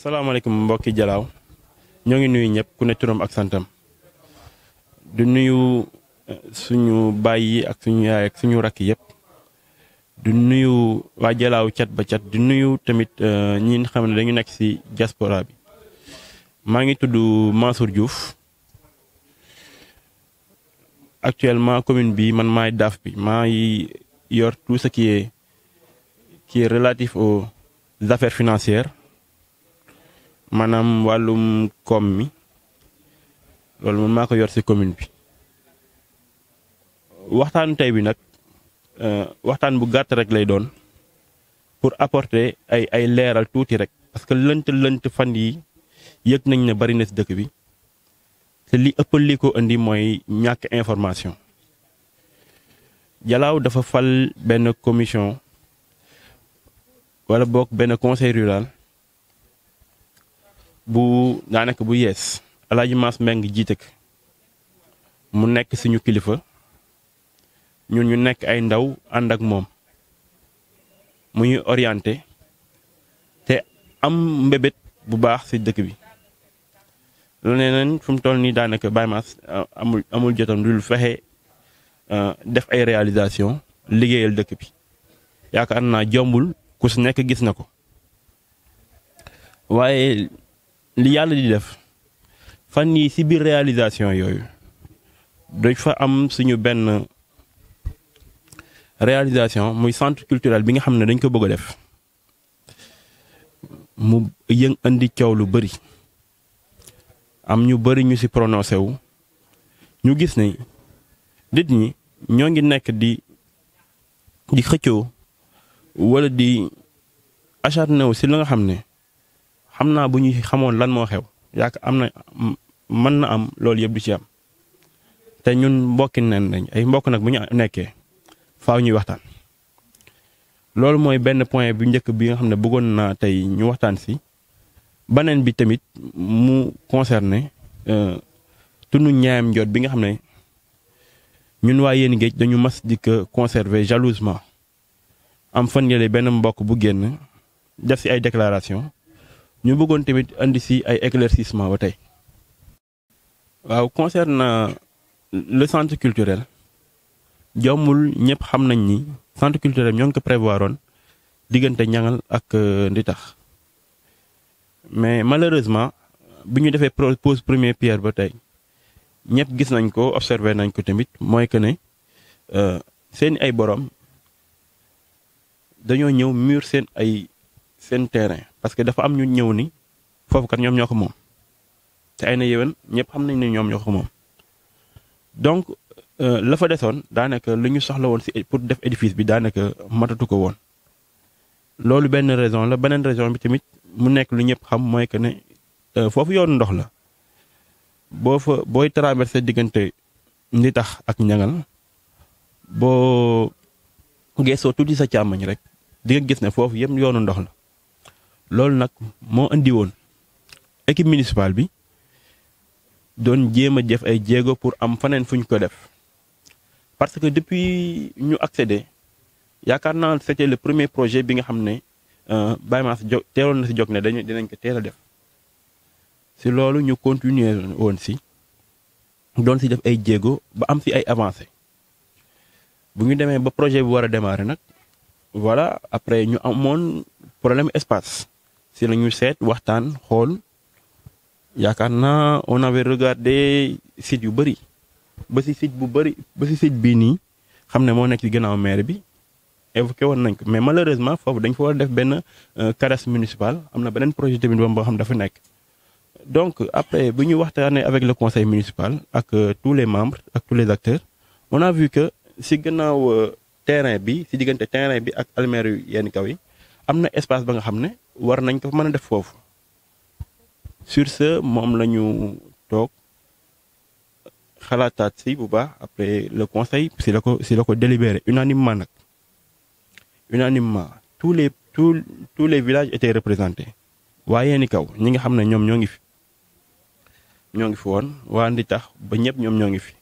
salaamaaleykum mbokki Jalaaw ñoo ngi nuyu ñëpp ku ne turam ak santam du nuyu eh, suñu bàyyi ak suñu yaay ak suñu rakk yëpp du nuyu waa Jalaaw cat ba cat du nuyu tamit eh, ñi nga xam ne dañu nekk si jaspora bi maa ngi tudd Mansour Diouf actuellement commune bi man maay daaf bi maa ngi yor tout ce qui est qui est relatif aux affaires financières. maanaam wàllum koom mi loolu man maa ko yor si commune bi waxtaanu tey bi nag euh, waxtaan bu gàtt rek lay doon pour apporter ay ay leeral tuuti rek parce que lënt lënt fan yi yëg nañ ne bari na si dëkk bi te li ëppal li ko indi mooy ñàkk information Jalaaw dafa fal benn commission wala boog benn conseil rural bu daanaka bu yees Alaaji Mass Mbengue jiite ko mu nekk suñu kilifa ñun ñu nekk ay ndaw ànd ak moom mu ñuy orienté te am mbébét bu baax ci dëkk bi lu ne nañ fu mu toll nii daanaka Baye Mass eh, amul amul jotam dul fexe eh, def ay réalisation liggéeyal dëkk bi yaakaar naa jombul ku ci nekk gis na ko waaye li yàlla di def fan yii si biir réalisation yooyu dañ fa am suñu benn réalisation muy sant culturel bi nga xam ne dañ ko bëgg a def mu yëng andi coow lu bari am ñu bari ñu si prononcé wu ñu gis ni nit ñi ñoo ngi nekk di di xëccoo wala di acharné wu si la nga xam ne xam naa bu ñuy xamoon lan moo xew yaakaar am na mën na am loolu yëpp du ci am te ñun mbokki nen lañ ay mbokk nag bu ñu nekkee faaw ñuy waxtaan. loolu mooy benn point bu njëkk bi nga xam ne bëggoon naa tey ñu waxtaan si beneen bi tamit mu concerné euh, tunu ñaayam njoot bi nga xam ne ñun waa yéen géej dañu mas di ko conserver jalousement am fan yële benn mbokk bu génn def si ay déclaration ñu bëggoon tamit andi si ay éclaircissement ba tey. waaw concernant le centre culturel jomul ñëpp xam nañ ni centre culturel ñoo ngi ko prévoir woon diggante ñangal ak euh, nditax mais malheureusement bi ñu defee pose première pierre ba tey ñëpp gis nañ ko observer nañ ko tamit mooy que ne euh, seen ay borom dañoo ñëw mur seen ay. seen terrain parce que dafa am ñu ñëw ni foofu kat ñoom ñoo ko moom te ay na yéwén ñëpp xam nañ ne ñoom ñoo ko moom donc euh, la fa desoon daanaka lu ñu soxla woon si pour def édifice bi daanaka matatu ko woon. loolu benn raison la beneen raison bi tamit mu nekk lu ñëpp xam mooy que ne euh, foofu yoonu ndox la boo fa booy traversé diggante ndi tax ak ñangal boo geesoo tuuti sa càmmañ rek di nga gis ne foofu yëpp yoonu ndox la loolu nag moo indi woon équipe municipale bi doon jéem a jëf ay jéego pour am faneen fu ñu ko def parce que depuis ñu accédé yaakaar naa c'était le premier projet bi nga xam ne euh, Baye Mass jo teeloon na si jóg ne dañu dinañ ko teel a def si loolu ñu continuer woon si doon si def ay jéego ba am si ay avancé bu ñu demee ba projet bi war a démarrer nag voilà après ñu amoon problème espace si la le waxtaan xool on avait regardé site yu bëri ba si site bu bëri ba si site bii nii xam ne moo nekk si maire évoqué mais malheureusement foofu dañ fa war a euh, municipal am na beneen projet tamit boo xam dafa donc après avec le conseil municipal ak euh, tous les membres ak tous les acteurs on a vu que si gannaaw euh, terrain bi si diggante terrain bi ak y yenn kaw am na espace ba nga xam ne war nañ ko mën a def foofu sur ce moom la ñu toog xalaataat si bu baax après le conseil si la ko si la ko délibéré unanimement nag unanimement tous les tous tous les villages étaient représentés waaye ni kaw ñi nga xam ne ñoom ñoo ngi fi ñoo ngi fi woon waa ndi tax ba ñëpp ñoom ñoo ngi fi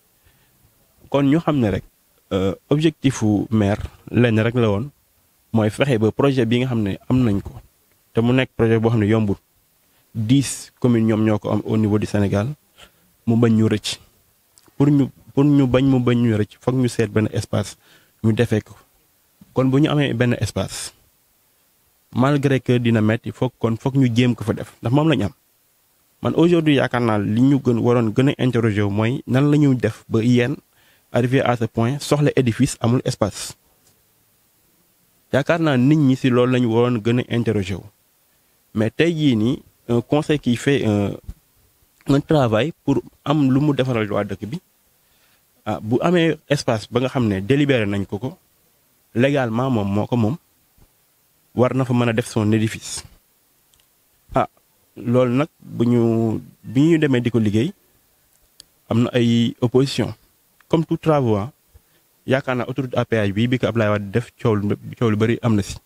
kon ñu xam ne rek euh, objectifu maire lenn rek la woon mooy fexe ba projet bi nga xam ne am nañ ko te mu nekk projet boo xam ne yombul dix communes ñoom ñoo ko am au niveau du Sénégal mu bañ ñu rëcc pour ñu pour ñu bañ mu bañ ñu rëcc foog ñu seet benn espace ñu defee ko kon bu ñu amee benn espace malgré que dina metti foog kon foog ñu jéem ko fa def ndax moom la am man aujourd'hui yaakaar naa li ñu gën waroon gën a interroger mooy nan la ñu def ba yenn arrivé à ce point soxla édifice amul espace. yaakaar naa nit ñi si loolu la ñu waroon gën a interroger wu mais tey jii nii un conseil qui fait un euh, un travail pour am lu mu defaral waa dëkk bi ah bu amee espace ba nga xam ne délibéré nañ ko ko légalement moom moo ko moom war na fa mën a def son édifice. ah loolu nag bu ñu bi ñu demee di ko liggéey am na ay opposition comme tout travaux yaakaar naa autoroute à péage bi bi ko Abdoulaye Wade def coow lu coow lu bëri am na si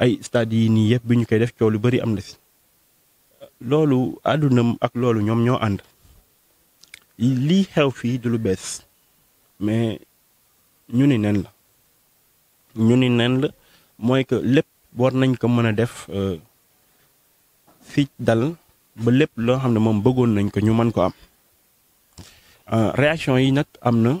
ay stade yi nii yëpp bi koy def coow lu bëri am na si loolu ak loolu ñoom ñoo ànd li xew fii du lu bees mais ñu ni nen la ñu ni nen la mooy que lépp war nañ ko mën def euh, fii dal ba lépp loo xam ne moom bëggoon nañ ko ñu mën ko am euh, réaction yi nag am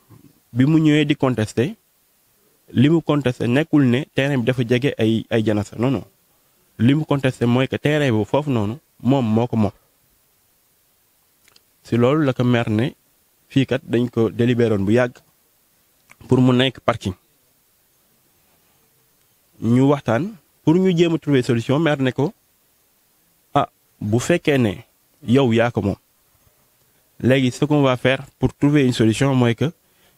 bi mu ñëwee di contester li mu contester nekkul ne terrain bi dafa jege ay ay janasa non non li mu contester mooy que terrain bi foofu noonu moom moo ko moom si loolu la ko maire ne fii kat dañ ko délibéroon bu yàgg pour mu nekk parking ñu waxtaan pour ñu jéem a trouver solution maire ne ko ah bu fekkee ne yow yaa ko moom léegi ce qu'on va faire pour trouver une solution mooy que.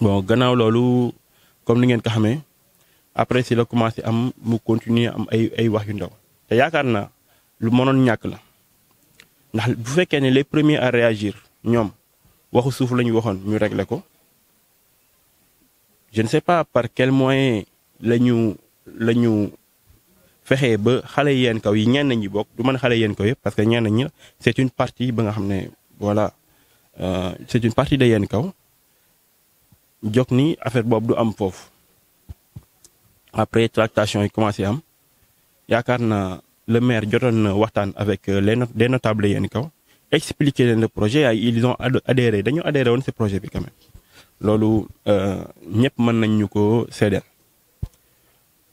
bon gannaaw loolu comme ni ngeen ko xamee après si la commencé am mu continuer am ay ay wax yu ndaw te yaakaar naa lu mënoon ñàkk la ndax bu fekkee ne les premiers à réagir ñoom waxu suuf lañu ñu waxoon ñu régler ko je ne sais pas par quel moyen lañu lañu la fexee ba xale yeen kaw yi ñenn ñi bokk du mën xale yeen kaw yëpp parce que ñenn ñi c'est une partie ba nga xam ne voilà euh, c'est une partie de yeen kaw jog ni affaire bobu du am fof après tractation yi commencé am yakarna na le maire jotone na avec euh, les des notables yéen kaw expliquer le projet ay ils ont adhéré dañu adhéré won ce projet bi quand même loolu euh, ñep mën nañ ñuko ko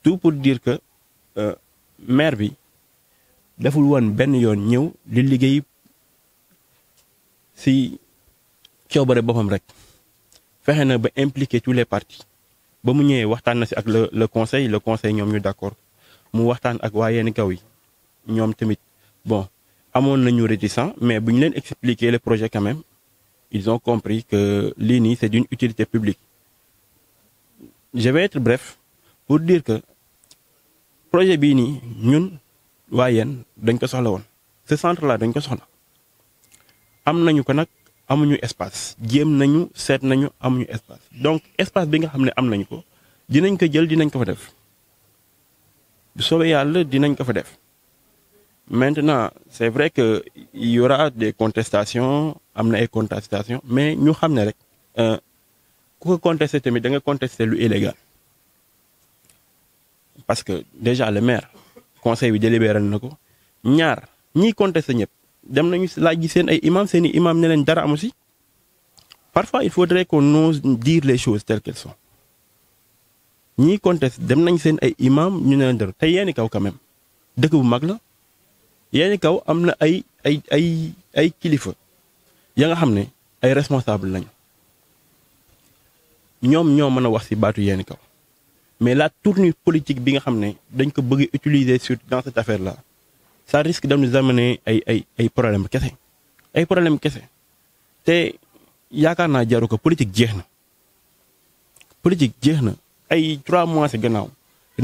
tout pour dire que euh, maire bi deful won ben yoon ñew li liggéey si coobare bopam rek Faire ba impliquer tous les partis ba mu ñëwee waxtaan na si ak le le conseil le conseil ñoom ñu d'accord mu waxtaan ak waa yenn kaw yi ñoom tamit bon amoon nañu réticent mais bu ñu leen expliquer le projet quand même ils ont compris que lii nii c'est d'une utilité publique je vais être bref pour dire que projet bii nii ñun waa yéen dañ ko soxla woon ce centre là dañ ko soxla am nañu ko nag amuñu espace jéem nañu set nañu amuñu espace donc espace bi nga xamné am nañ ko dinañ ko jël dinañ ko fa def bu dinañ ko fa def maintenant c'est vrai que il y aura des contestations amna ay contestations mais ñu xamné rek euh ko contesté tamit da nga contesté lu illégal parce que déjà le maire conseil bi délibéré na ñaar ñi contesté ñëpp. dem nañu laaj gi seen ay imam seen i imam ne dara amu si parfois il faudrait qu'on ose dire les choses telles qu'elles sont ñii conteste dem nañ seen ay imam ñu ne leen dara te yeeni kaw quand dëkk bu mag la yeeni kaw am na ay ay ay ay kilifa ya nga xam ne ay responsable lañu ñoom ñoo mën a wax si baatu yeeni kaw mais la tournure politique bi nga xam ne dañ ko bëgg utiliser sur dans cette affaire là ça risque de nous ay ay ay problème kese ay problème kese te yaakaar naa jaru ko politique jeex na politique jeex na ay trois mois si gannaaw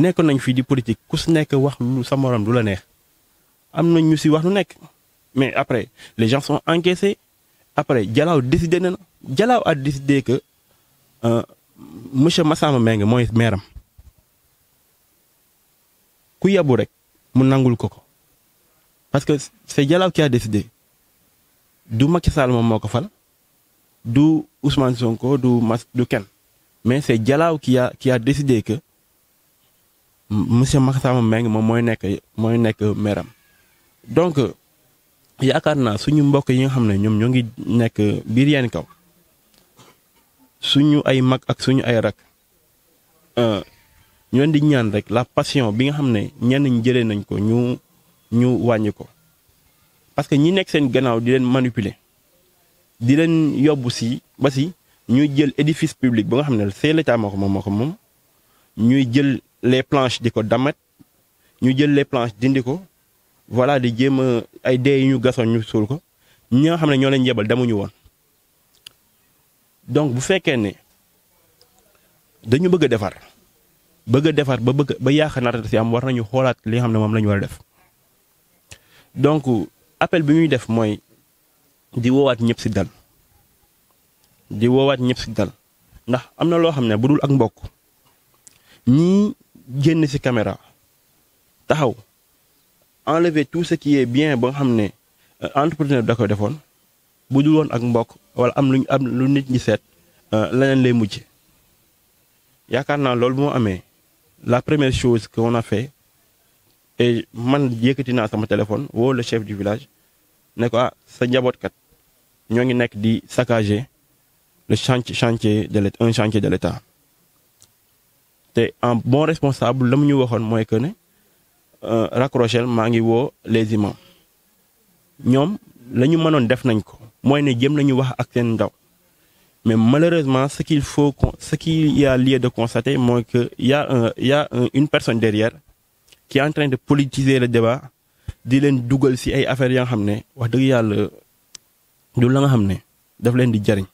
nekkoon nañ fii di politique ku si nekk wax lu sa lu la neex am na ñu si wax lu nekk mais après les gens sont encaissés après Jalaaw décidé na Jalaaw a décidé que euh, monsieur Massamba Mbengue mooy meeram ku yabu rek mu nangul ko ko. parce que c'est Diallo qui a décidé du Macky Sall mon moko fal du Ousmane Sonko du Mas du Ken. mais c'est Diallo qui a qui a décidé que monsieur Macky Sall Mbengue moom mooy nekk mooy nekk maire donc yaakaar naa suñu mbokk yi nga xam ñom ñoom ñoo ngi nekk biir yenn kaw suñu ay mag ak suñu ay rak Euh ñu di ñaan rek la passion bi nga xam ñen ñenn ñi jëlee nañ ko ñu. ñu wàññi ko parce que ñi nekk seen gannaaw di leen manipuler di leen yóbbu si ba si ñuy jël édifice public ba nga xam ne c'est l'état moo ko moom moo ko moom ñuy jël les planches di ko damat ñu jël les planches dindi ko voilà di jéem ay dee yi ñu gasoon ñu suul ko ñi nga xam ne ñoo leen yebal demuñu woon donc bu fekkee ne dañu bëgg a defar bëgg a defar ba bëgg ba yaaka naa si am war nañu xoolaat li nga xam ne moom la ñu war a def donc appel bi def moy di wowat ñepp ci dal di wowat ñepp ci dal ndax amna na loo budul ak mbokk ñi génn ci caméra taxaw enlever tout ce qui est bien bon nga euh, entrepreneur da ko defoon budul won ak mbokk wala am lu am lu nit ñi set euh, leneen lay mujj yakarna bu mo amé la première chose qu'on a fait et man yëkkati naa sama téléphone wo le chef du village ne ko ah sa njabootkat ñoo ngi nekk di saccager le chantier chantier de l'état un chantier de l'état té en bon responsable Le mu ñu waxoon mooy que ne euh, raccrochel ma ngi wo les imams ñom lañu mënon def nañ ko moy ne jëm nañu wax ak sen ndaw mais malheureusement ce qu'il faut ce qu'il y a lieu de constater moy que y a un y a une personne derrière qui est en train de politiser le débat di len dougal si ay affaire ya nga wax deug yalla du la nga xam daf len di jariñ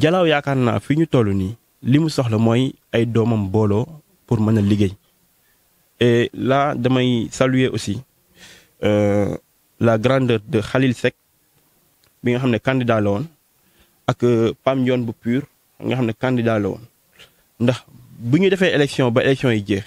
jalaaw yaakaar naa fi ñu toll soxla moy ay domam bolo pour meuna liguey et là damay saluer aussi euh, la grandeur de Khalil Sek, bi nga xam candidat la woon ak euh, Pam Ndione bu pur nga xam candidat la woon ndax buñu défé élection ba élection yi jeex.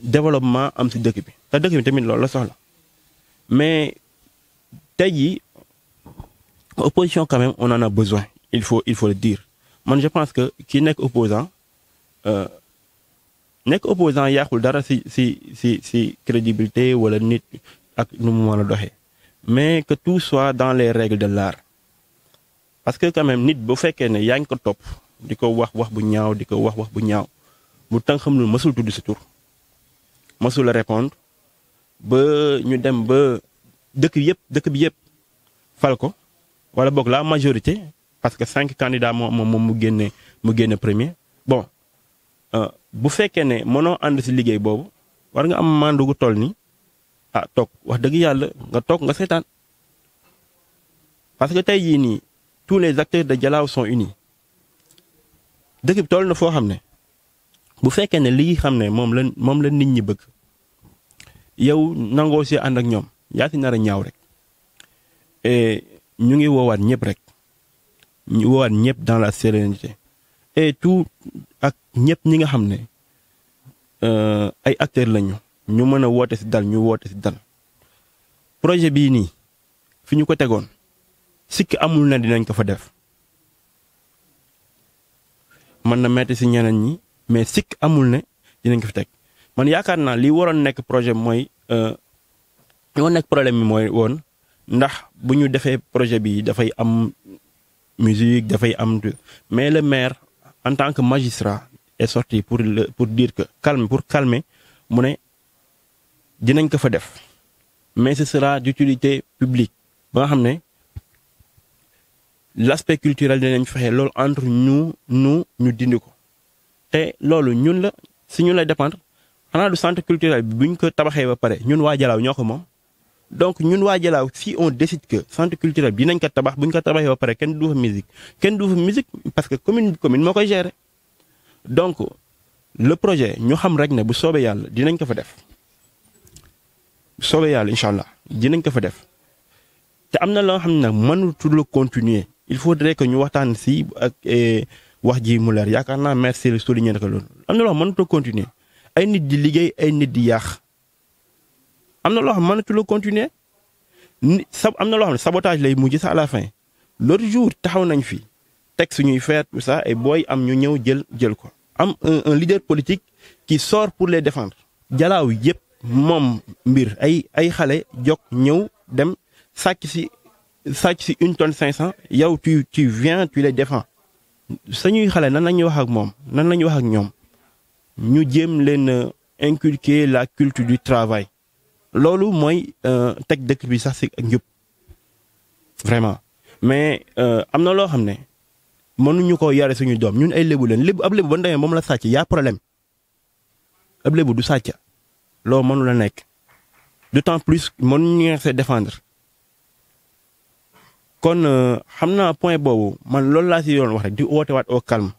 développement am ci dëkk bi te dëkk bi tamit loolu la soxla mais tey jii opposition quand même on en a besoin il faut il faut le dire man je pense que ki nekk opposant euh, nekk opposant yàqul dara si si si si crédibilité wala nit ak nu mu mën a doxee mais que tout soit dans les règles de l'art parce que quand même nit bu fekkee ne yaa ngi ko topp di ko wax wax bu ñaaw di ko wax wax bu ñaaw bu tànk xam lu mësul tudd sa tur mësul a ba ñu dem ba dëkk yëpp dëkk bi yëpp fal ko wala boog la majorité parce que cinq candidats moom moom mu génne mu génne premier bon euh, bu fekkee ne mënoo ànd si liggéey boobu war nga am mandu gu toll ni ah toog wax dëgg yàlla nga toog nga seetaan parce que tey jii nii tous les acteurs de Dialaw sont unis dëkk bi toll na foo xam ne bu fekkee ne lii xam ne moom la moom la nit ñi bëgg. yow nangoo see ànd ak ñoom yaa si nar a ñaaw rek et ñu ngi woowaat ñëpp rek ñu woowaat ñëpp dans la sérénité et tout ak ñëpp ñi nga xam ne euh, ay acteur lañu ñu mën a woote si dal ñu woote si dal projet bii nii fi ñu ko tegoon sikk amul na dinañ ko fa def man na metti si ñeneen ñi mais sik amul ne dinañ ko fa teg man yaakaar naa li waroon nekk projet moy on euh, a problème ndax projet bi am musique mais le maire en tant que magistrat est sorti pour pour dire que calme pour calmer on dinañ ko mais ce sera d'utilité publique ba l'aspect culturel de fexé entre nous, nous, nous, nous, ko te ñun la dépendre xanaa du centre culturel bi bu ko tabaxee ba pare ñun waa Jalaaw ñoo ko moom donc ñun waa Jalaaw si on décide que centre culturel bi nañ ko tabax buñ ko tabaxee ba pare kenn du fa musique kenn du fa musique parce que commune commune moo koy gérer donc le projet ñu xam rek ne bu soobee yàlla dinañ ko fa def bu soobee yàlla incha allah dinañ ko fa def te am na loo xam ne mënatul a continuer il faudrait que ñu waxtaan si ak eh, wax ji mu leer yaakaar naa merci souligner ko loolu am na loo xam a continuer ay nit di liggéey ay nit di yàq am na loo xam continuer ni sab am na xam sabotage lay mujj sa à la fin l'autre jour taxaw nañ fi teg suñuy feet tout ça ay boy, am ñu ñëw jël jël ko. am un leader politique qui sort pour les défendre. jalaaw yëpp moom mbir ay ay xale jog ñëw dem sàcc si sàcc si une tonne cinq cent yow tu tu viens tu les défends sañuy xale nan la ñuy wax ak moom nan la ñuy wax ak ñoom. Nous avons inculqué la culture du travail loolu mooy euh, teg dëkk bi sax si vraiment mais euh, am na loo xam ne mënuñu ko yare suñu doom ñun ay lébu leen lébu ab lébu la problème ab du la d'autant plus mënuñu se défendre kon euh, xam point man si wax di au calme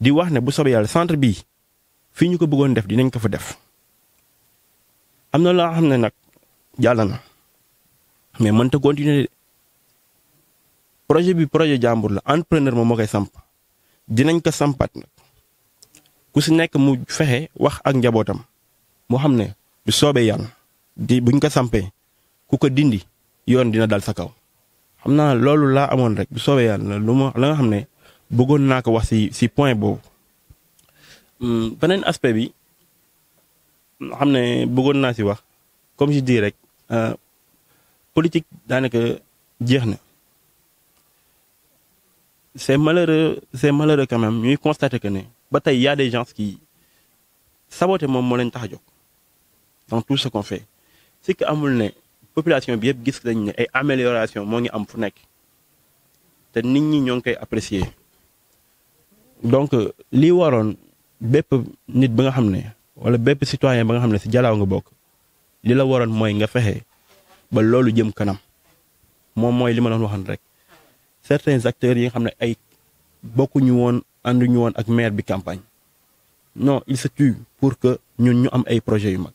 di wax ne bu centre fii ñu ko bëggoon def dinañ ko fa def am na loo xam ne nag jàll na mais mënta continuer projet bi projet jàmbur la entrepreneur moom moo koy samp dinañ ko sampaat nag ku si nekk mu fexe wax ak njabootam mu xam ne bu soobee yàlla di buñ ko sampee ku ko dindi yoon dina dal sa kaw xam naa loolu laa amoon rek bu soobee yàlla lu ma la nga xam ne bëggoon naa ko wax si si point boobu Hmm, beneen aspect bi xam ne bëggoon naa si wax comme je dis rek euh, politique daanaka jeex na c'est malheureux c'est malheureux quand même ñuy constater que ne ba tey y a des gens qui saboté moom moo leen tax a jóg dans tout ce qu'on fait c'est que amul ne population bi yëpp gis nañ ne ay amélioration moo ngi am fu nekk te nit ñi ñoo ngi apprécier donc euh, li waroon bépp nit ba nga xam ne wala bépp citoyen ba nga xam ne si jalaaw nga bokk li la waroon mooy nga fexe ba loolu jëm kanam moom mooy li ma doon waxoon rek certains acteurs yi nga xam ne ay bokkuñu woon ànduñu woon ak maire bi campagne non il se tue pour que ñun ñu am ay projet yu mag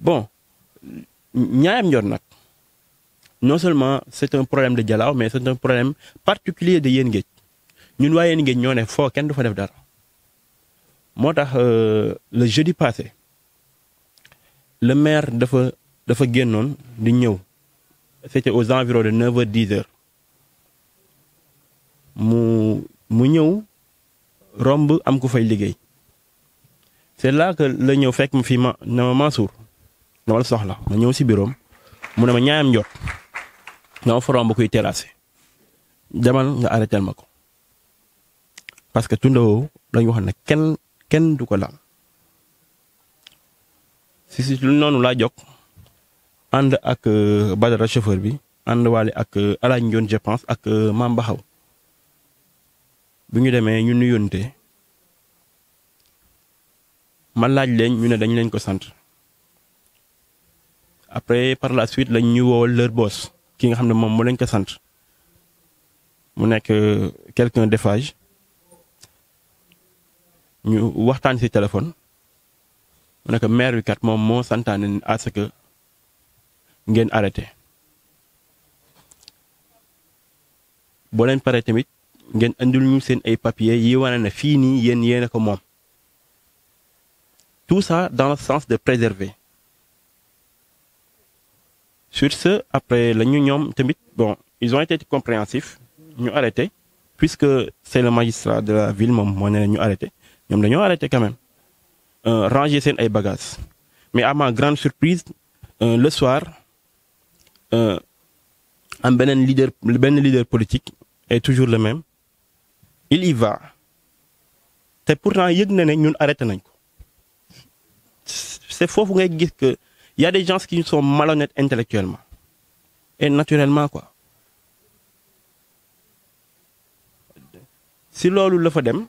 bon ñaayam njor nag non seulement c'est un problème de Dialaw mais c'est un problème particulier de Yéen Géej ñun waa Yéen Géej ñoo ne foo kenn du fa def dara moo tax euh, le jeudi passé le maire dafa dafa génnoon di ñëw c'était aux environs de neuf heures dix heures mu mu ñëw romb am ku fay liggéey c'est là que la ñëw fekk ma fii ma ne ma Mansour dama la soxla ma ñëw si biroom mu ne ma ñaayam njot dama fa romb kuy terrassé demal nga arrêté ma ko parce tundawoo dañu wax ne kenn kenn du ko laal si si lu noonu laa ànd ak euh, Badara chauffeur bi ànd waale ak euh, alaaj je pense ak euh, bi ñu ñu ma laaj leen ñu ne dañ leen ko après par la suite lañ ñu leur boss ki nga xam ne moom leen ko sant mu quelqu'un ñu waxtaan si téléphone mu ne ko maire bi kat moom à ce que ngeen arrêté boo leen paree tamit ngeen andil ñu seen ay papiers yi wane ne fii nii yéen tout ça dans le sens de préserver sur ce après la ñu tamit bon ils ont été compréhensifs ñu arrêté puisque c'est le magistrat de la ville moom moo ne ñu arrêté on dañoo arrêté quand même euh, ranger seen ay bagages mais à ma grande surprise euh, le soir un euh, benen leader bel leader politique est toujours le même il y va C'est pourtant yëg na ñun arrêté nañ ko c'est faux ngay gis que y a des gens qui sont malhonnêtes intellectuellement et naturellement quoi si l'on le fait dem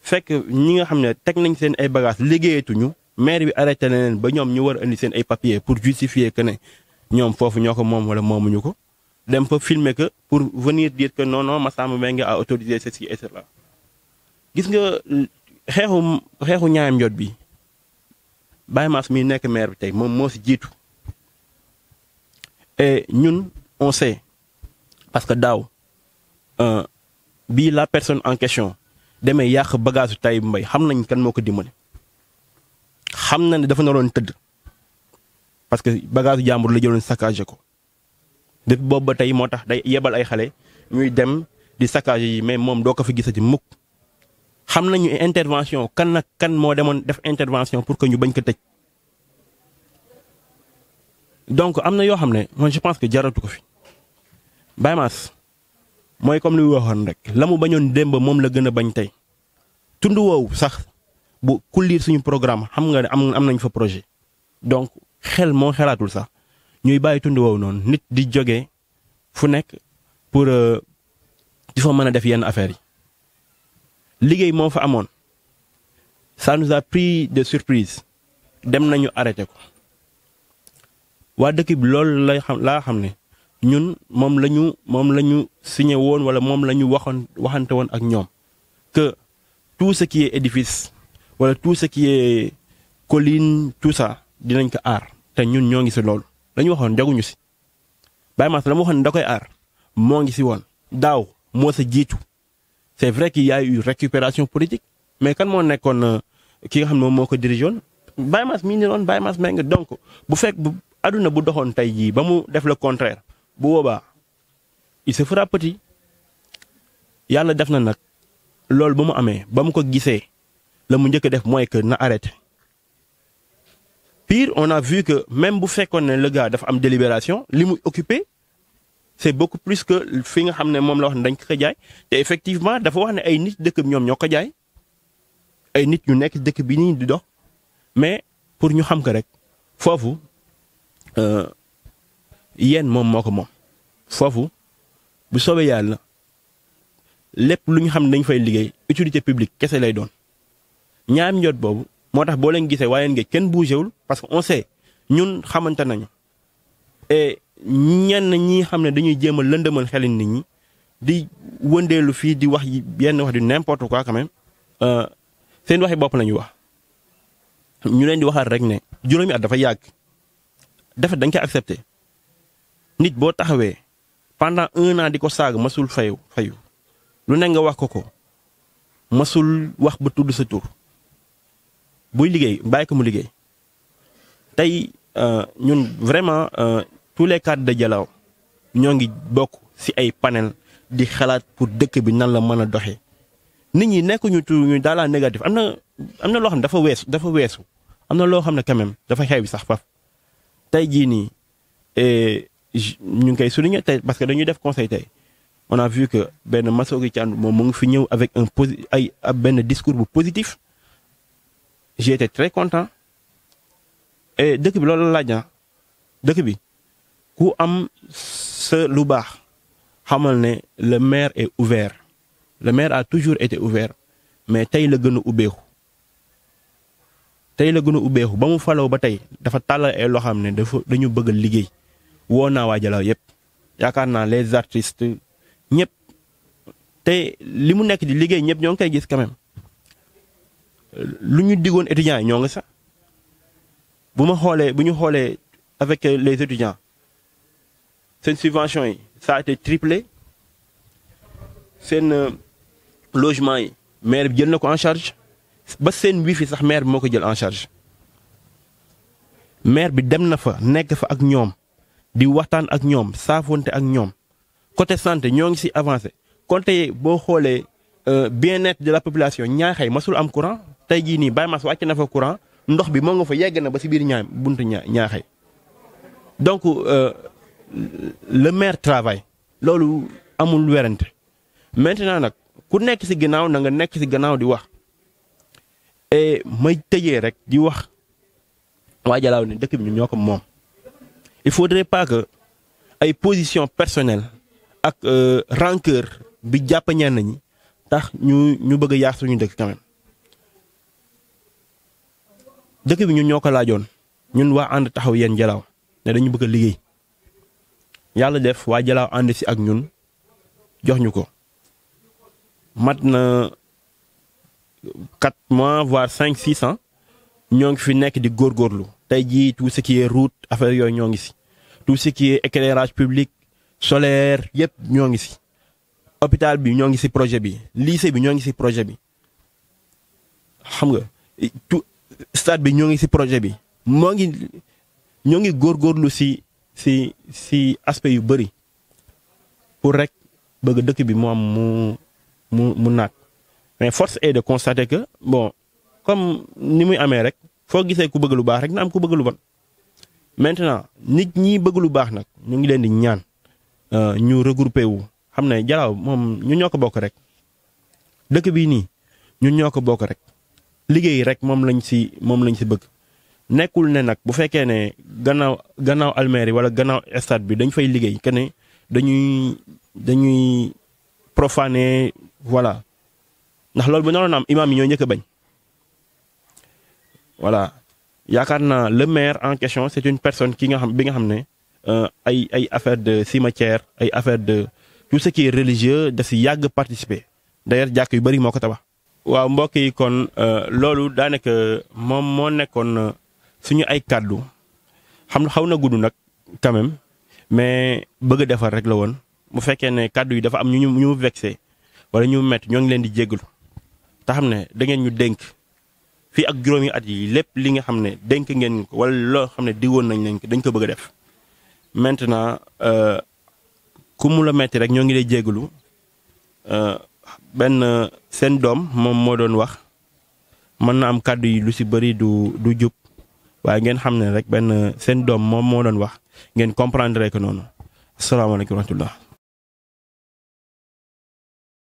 fekk ñi nga xam ne teg nañ seen ay bagages liggéeyatuñu maire bi arrêté na leen ba ñoom ñu war a indi seen ay papiers pour justifier que ne ñoom foofu ñoo ko moom wala moomuñu ko dem fa filmer que pour venir dire que non non Massamba Mbengue a autorisé ceci et cela gis nga xeexu xeexu ñaayam jot bi Baye Mass mi nekk maire bi tey moom moo si jiitu et ñun on sait parce que daaw euh, bi la personne en question. deme yàq bagage Tahib mbay xam nañ kan moo ko dimbali xam na ne dafa naroon tëdd parce que bagage jàmbur la jëloon saccagé ko depuis boobu ba tey moo tax day yebal ay xale ñuy dem di saccagé yi mais moom doo ko fi gisati mukk xam nañu intervention kan nag kan moo demoon def intervention pour que ñu bañ ko tëj donc am na yoo xam ne man je pense que jaratu ko fi Baye Mass mooy comme li mu waxoon rek la mu bañoon démb moom la gën a bañ tey tund woowu sax bu ku suñu programme xam nga ne am am nañ fa projet donc xel moo xelaatul sax ñuy bàyyi tund woowu noonu nit di jógee fu nekk pour euh, di fa mën a def yenn affaires yi liggéey moo fa amoon ça nous pris de surprise dem nañu arrêté ko waa dëkk bi loolu lay xam laa xam ne ñun moom la ñu moom la ñu signé woon wala moom la ñu waxoon waxante woon ak ñoom que tout ce qui est édifice wala tout ce qui est colline tout dinañ ko aar te ñun ñoo ngi si loolu la waxoon jaguñu si Baye Mass la xam ne da koy aar moo ngi si woon daaw moo sa jiitu c'est vrai qu'il y a eu récupération politique mais kan moo nekkoon euh, ki nga xam ne moom moo ko dirigé woon Baye Mass mii ni doon Baye mee nga donc bu fekk bu àdduna bu doxoon tey jii ba mu def le contraire bu il se fera petit yalla def na nak loolu bamu amé bamu ko gissé lamu ñëk def mooy que na arrêté pire on a vu que même bu fekkone le gars dafa am délibération limu occupé c'est beaucoup plus que fi nga xamné mom la wax dañ ko jaay te effectivement dafa wax né ay nit dëkk ñom ñoko ñoo jaay ay nit ñu nekk dëkk bi ni di dox mais pour ñu xam ko rek euh yéen moom moo ko moom foofu bu soobee yàlla lépp lu ñu xam ne dañ fay liggéey utilité publique kese lay doon ñaam njoot boobu moo tax boo leen gisee waaye ngeen kenn bougéwul parce que on ñun xamante nañu et ñenn ñi xam ne dañuy jéem a lëndëmal xelin nit ñi di wëndeelu fii di wax yenn wax du n'importe quoi quand même euh, seen waxi bopp la wax ñu leen di waxaat rek ne juróomi at dafa yàgg dafa dañ koy accepté nit boo taxawee pendant un an di ko saag masul fayu fayu lu ne nga wax ko ko masul wax ba tudd sa tur buy liggéey bàyyi ko mu liggéey tey euh, ñun vraiment euh, tous les cadres de Dialaw ñoo ngi bokk ci ay panel di xalaat pour dëkk bi nan la mën a doxee nit ñi nekkuñu tu ñu dans la négatif am na am na loo xam ne dafa weesu dafa weesu am na loo xam ne quand même dafa xew sax faf tey jii nii eh, ñu ngi koy souligner tey parce que dañuy def conseil tay on a vu que ben Massory Thiam mo mo ngi fi ñew avec un posi ay benn discours bu positif j'ai été très content et dëkk bi loolu la laaj na ah. dëkk bi ku am ce lu baax xamal ne le maire est ouvert le maire a toujours été ouvert mais tey la gën a ubbeeku tey la gën a ubbeeku ba mu faloo ba tey dafa tàllal ay loo xam ne dafa dañu bëgg liggéey. On wajalaw yep les artistes ñep té limu nek di liggéey ñep gis quand même luñu des étudiants yi ça. Vous avec les étudiants une subvention yi ça a été triplé un euh, logement maire jël en charge ba sen wifi sax maire bi en charge maire bi dem na fa fa ak di waxtaan ak ñoom saafonte ak ñoom côté santé ñoo ngi si avancé côté boo xoolee euh, bien-être de la population ñaaxay masul am courant tey jii nii Baye Mass wàcc na fa courant ndox bi moo nga fa yegg na ba si biir ñaa buntu ñaaxay donc euh, le maire travail. loolu amul werante maintenant nag ku nekk si ginnaaw na nga nekk si ginnaaw di wax et may tëjee rek di wax waa ne dëkk bi ñun ñoo moom il faudrait pas que une position personnelle ak euh, rancœur bi jàpp nous ñi tax ñu ñu bëgg a suñu dëkk quand même dëkk bi ñun ñoko Nous ñun wa and taxaw liggéey mois voire 5-6 ans ñong fi nekk di tey tout ce qui est route affaire yooyu ñoo ici. tout ce qui est éclairage public solaire yep ñoo ici. hôpital bi ici projet bi lycée bi ici projet bi xam tout stade bi ici projet bi moo ngi gor gor lu si si si aspect yu Correct, pour rek bëgg dëkk bi mu am mu mu mu naat mais force est de constater que bon comme ni muy amee rek. foo gisee ku bëgg lu baax rek na am ku bëgg lu bon maintenant nit ñi bëgg lu baax nag ñu ngi leen di ñaan euh, ñu regroupé wu xam ne Jalaaw moom ñu ñoo ko bokk rek dëkk bii nii ñun ñoo ko bokk rek liggéey rek moom lañ si moom lañ si bëgg nekkul ne nag bu fekkee ne gannaaw gannaaw yi wala gannaaw stade bi dañu fay liggéey que ne dañuy dañuy profané voilà ndax loolu bu naroon am imaam yi ñoo njëkk a bañ. voilà yakarna le maire en question c'est une personne qui nga xam bi nga xam euh, ay ay affaire de cimetière ay affaire de tout ce qui est religieux de ci yag participer d'ailleurs jàkk yu bari moko ko tabax. waaw mbokk yi kon euh, loolu daanaka moom moo nekkoon euh, suñu ay cadeau xam xawna gudu nak quand même mais bëgg defar rek la won mu fekké ne cadeau yi dafa am ñu ñu vexé wala ñu metti ñoo ngi leen di jéggalu ta xamné da ngeen ñu dénk. fii ak juróomi at yi lépp li nga xam ne dénk ngeen ko loo xam ne diwoon nañ leen ko dañ ko bëgg a def maintenant euh, ku mu la metti rek ñoo ngi lay jégalu euh, benn seen doom moom moo doon wax mën na am kàddu yi lu si bëri du du jub waaye ngeen xam ne rek benn seen doom moom moo doon wax ngeen comprendre rek noonu asalaamaaleykum wa rahmatullah